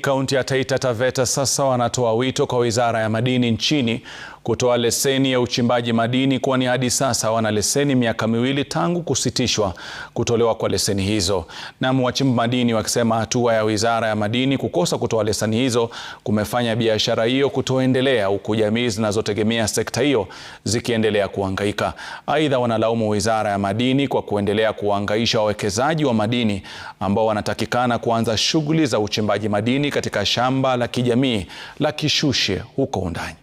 Kaunti ya Taita Taveta sasa wanatoa wito kwa Wizara ya Madini nchini kutoa leseni ya uchimbaji madini kwani hadi sasa wana leseni, miaka miwili tangu kusitishwa kutolewa kwa leseni hizo. nam wachimba madini wakisema hatua ya Wizara ya Madini kukosa kutoa leseni hizo kumefanya biashara hiyo kutoendelea, huku jamii zinazotegemea sekta hiyo zikiendelea kuhangaika. Aidha, wanalaumu Wizara ya Madini kwa kuendelea kuangaisha wawekezaji wa madini ambao wanatakikana kuanza shughuli za uchimbaji madini katika shamba la kijamii la Kishushe huko Undani.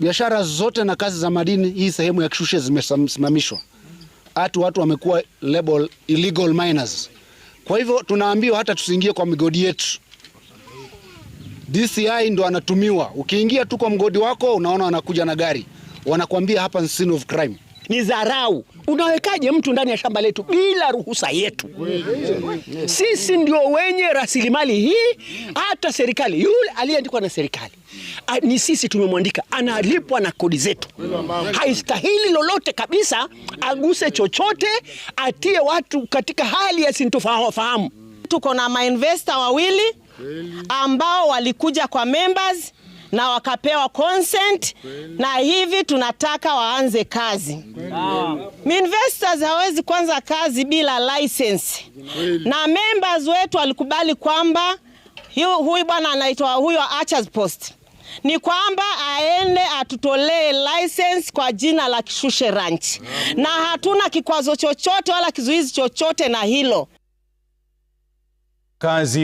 Biashara zote na kazi za madini hii sehemu ya Kishushe zimesimamishwa. Hatu watu wamekuwa label illegal miners. Kwa hivyo tunaambiwa hata tusiingie kwa migodi yetu. DCI ndo anatumiwa. Ukiingia tu kwa mgodi wako unaona wanakuja na gari. Wanakuambia hapa scene of crime ni dharau. Unawekaje mtu ndani ya shamba letu bila ruhusa yetu? Sisi ndio wenye rasilimali hii, hata serikali yule aliyeandikwa na serikali A, ni sisi tumemwandika, analipwa na kodi zetu. Haistahili lolote kabisa aguse chochote, atie watu katika hali ya sintofahamu. Tuko na mainvesta wawili ambao walikuja kwa members na wakapewa consent na hivi tunataka waanze kazi. Investors hawezi kuanza kazi bila license. Na members wetu walikubali kwamba huyu bwana anaitwa huyo Archers Post ni kwamba aende atutolee license kwa jina la Kishushe Ranch, na hatuna kikwazo chochote wala kizuizi chochote na hilo kazi